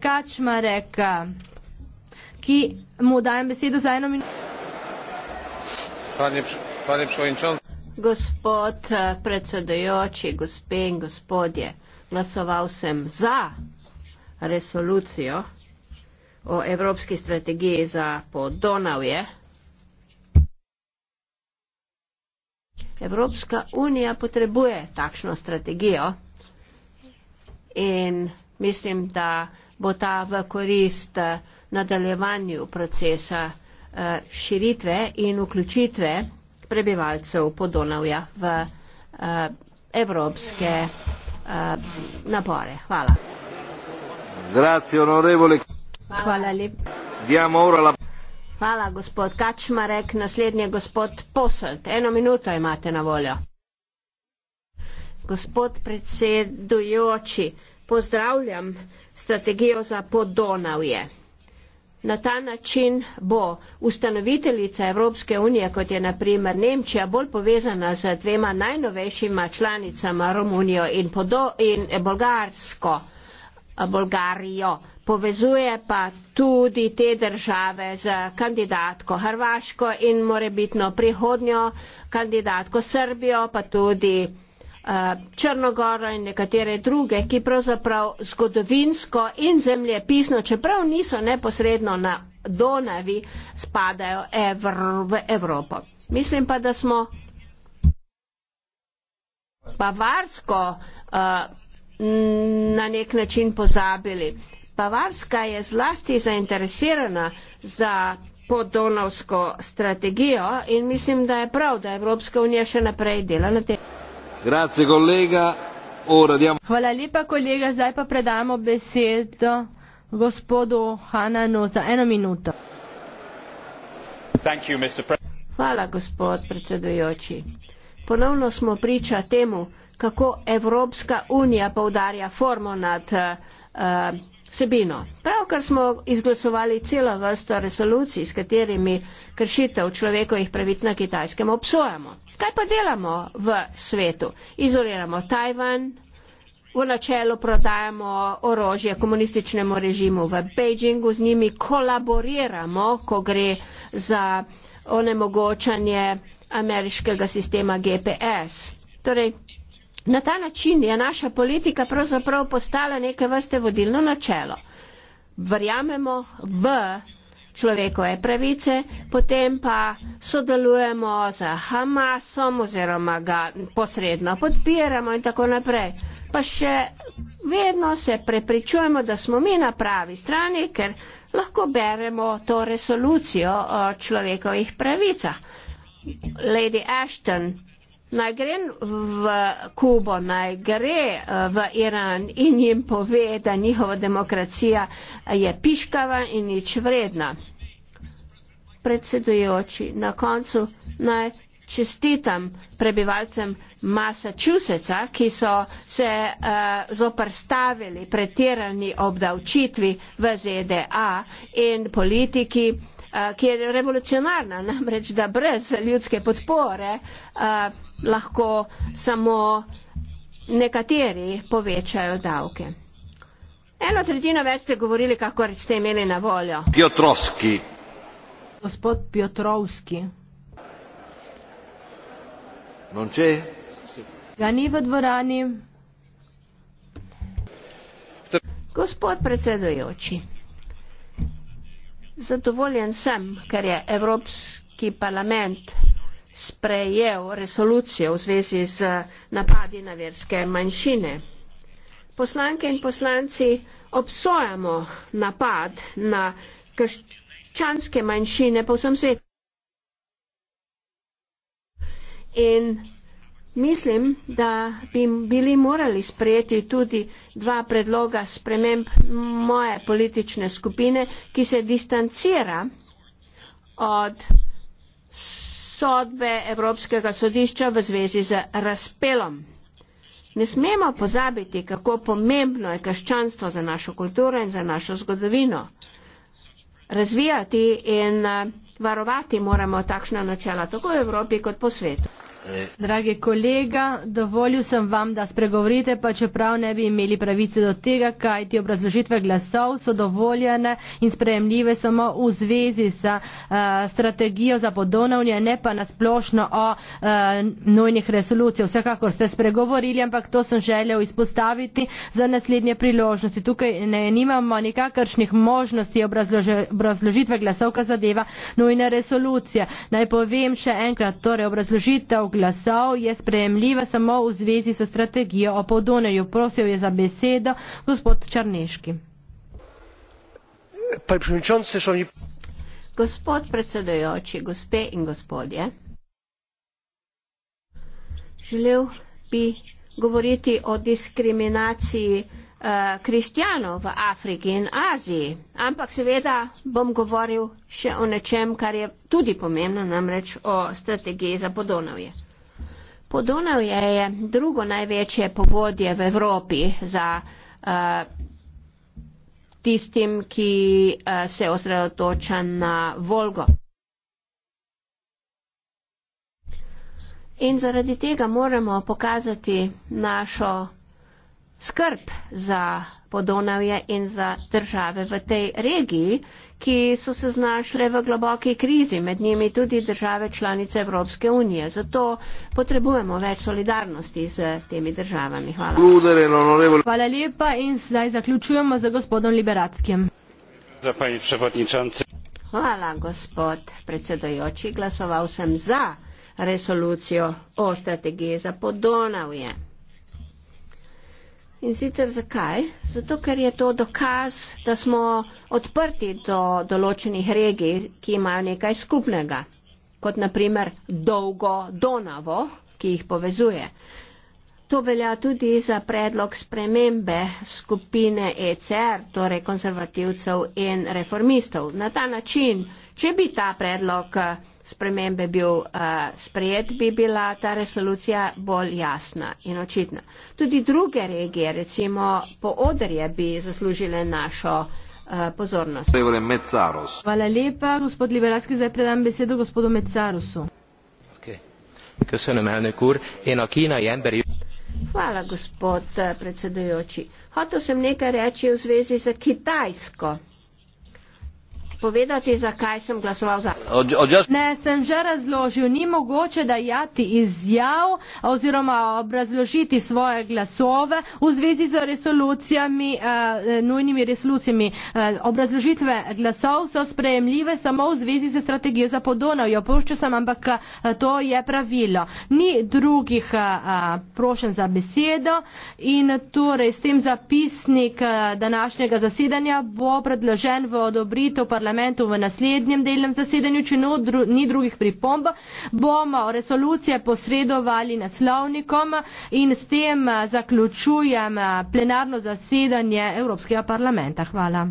Kačmareka, ki mu dajem besedo za eno minuto. Panje, panje Šovinčov. Gospod eh, predsedajoči, gospe in gospodje, glasoval sem za resolucijo o evropski strategiji za podonavje. Evropska unija potrebuje takšno strategijo in mislim, da bo ta v korist eh, nadaljevanju procesa eh, širitve in vključitve prebivalcev Podonavja v eh, evropske napore. Hvala. Hvala lepa. Hvala, gospod Kačmarek. Naslednji je gospod Poselt. Eno minuto imate na voljo. Gospod predsedujoči, pozdravljam strategijo za podonavje. Na ta način bo ustanoviteljica Evropske unije, kot je naprimer Nemčija, bolj povezana z dvema najnovejšima članicama Romunijo in, podo, in Bolgarsko, Bolgarijo. Povezuje pa tudi te države z kandidatko Hrvaško in morebitno prihodnjo kandidatko Srbijo, pa tudi Eh, Črnogoro in nekatere druge, ki pravzaprav zgodovinsko in zemljepisno, čeprav niso neposredno na Donavi, spadajo evr v Evropo. Mislim pa, da smo Bavarsko uh, na nek način pozabili. Bavarska je zlasti zainteresirana za podonovsko strategijo in mislim, da je prav, da Evropska unija še naprej dela na tem. Grazie, diamo... Hvala lepa, kolega. Zdaj pa predamo besedo gospodu Hananu za eno minuto. You, Hvala, gospod predsedujoči. Ponovno smo priča temu, kako Evropska unija poudarja formo nad uh, vsebino. Pravkar smo izglasovali celo vrsto resolucij, s katerimi kršitev človekovih pravic na kitajskem obsojamo. Kaj pa delamo v svetu? Izoliramo Tajvan, v načelu prodajamo orožje komunističnemu režimu v Pekingu, z njimi kolaboriramo, ko gre za onemogočanje ameriškega sistema GPS. Torej, Na ta način je naša politika pravzaprav postala neke vrste vodilno načelo. Verjamemo v človekove pravice, potem pa sodelujemo z Hamasom oziroma ga posredno podpiramo in tako naprej. Pa še vedno se prepričujemo, da smo mi na pravi strani, ker lahko beremo to resolucijo o človekovih pravicah. Lady Ashton naj gre v Kubo, naj gre eh, v Iran in jim pove, da njihova demokracija eh, je piškava in nič vredna. Predsedujoči, na koncu naj čestitam prebivalcem Massachusettsa, ki so se uh, zoprstavili pretirani obdavčitvi v ZDA in politiki, uh, ki je revolucionarna, namreč da brez ljudske podpore uh, lahko samo nekateri povečajo davke. Eno tretjino več ste govorili, kako ste imeli na voljo. Piotrovski. Gospod Piotrovski. Nonče. Ga ni v dvorani. Gospod predsedujoči, zadovoljen sem, ker je Evropski parlament sprejel resolucijo v zvezi z napadi na verske manjšine. Poslanke in poslanci obsojamo napad na krščanske manjšine po vsem svetu. In mislim, da bi bili morali sprejeti tudi dva predloga sprememb moje politične skupine, ki se distancira od sodbe Evropskega sodišča v zvezi z razpelom. Ne smemo pozabiti, kako pomembno je krščanstvo za našo kulturo in za našo zgodovino. Razvijati in varovati moramo takšna načela, tako v Evropi kot po svetu. Dragi kolega, dovolil sem vam, da spregovorite, pa čeprav ne bi imeli pravice do tega, kaj ti obrazložitve glasov so dovoljene in sprejemljive samo v zvezi s uh, strategijo za podonovnje, ne pa nasplošno o uh, eh, nojnih resolucijah. Vsekakor ste spregovorili, ampak to sem želel izpostaviti za naslednje priložnosti. Tukaj ne, nimamo nikakršnih možnosti obrazlože, obrazložitve glasov, kar zadeva nojnih resolucij nujne resolucije. Naj povem še enkrat, torej obrazložitev glasov je sprejemljiva samo v zvezi s strategijo o podonerju. Prosil je za besedo gospod Črneški. Gospod predsedojoči, gospe in gospodje, želel bi govoriti o diskriminaciji Eh, kristijanov v Afriki in Aziji. Ampak seveda bom govoril še o nečem, kar je tudi pomembno, namreč o strategiji za Podonavje. Podonavje je drugo največje povodje v Evropi za uh, tistim, ki uh, se osredotoča na Volgo. In zaradi tega moramo pokazati našo skrb za Podonavje in za države v tej regiji, ki so se znašle v globoki krizi, med njimi tudi države članice Evropske unije. Zato potrebujemo več solidarnosti z temi državami. Hvala. Hvala lepa in zdaj zaključujemo za gospodom Liberackim. Hvala, gospod predsedojoči. Glasoval sem za resolucijo o strategiji za Podonavje. In sicer zakaj? Zato, ker je to dokaz, da smo odprti do določenih regij, ki imajo nekaj skupnega, kot naprimer dolgo Donavo, ki jih povezuje. To velja tudi za predlog spremembe skupine ECR, torej konservativcev in reformistov. Na ta način, če bi ta predlog spremembe bil uh, sprejet, bi bila ta resolucija bolj jasna in očitna. Tudi druge regije, recimo po odrje, bi zaslužile našo uh, pozornost. Hvala lepa, gospod Liberalski, zdaj predam besedo gospodu Mecarusu. Okay. Hvala, gospod eh, predsedujoči. Hotel sem nekaj reči v zvezi z Kitajsko povedati, zakaj sem glasoval za. Od, just... Ne, sem že razložil, ni mogoče dajati izjav oziroma obrazložiti svoje glasove v zvezi z resolucijami, eh, nujnimi resolucijami. Eh, obrazložitve glasov so sprejemljive samo v zvezi z strategijo za podonavjo. Pošče sem, ampak eh, to je pravilo. Ni drugih eh, prošen za besedo in torej s tem zapisnik eh, današnjega zasedanja bo predložen v odobritev parlamentu parlamentu v naslednjem delnem zasedanju, če no, dru, ni drugih pripomb, bomo resolucije posredovali naslovnikom in s tem eh, zaključujem eh, plenarno zasedanje Evropskega parlamenta. Hvala.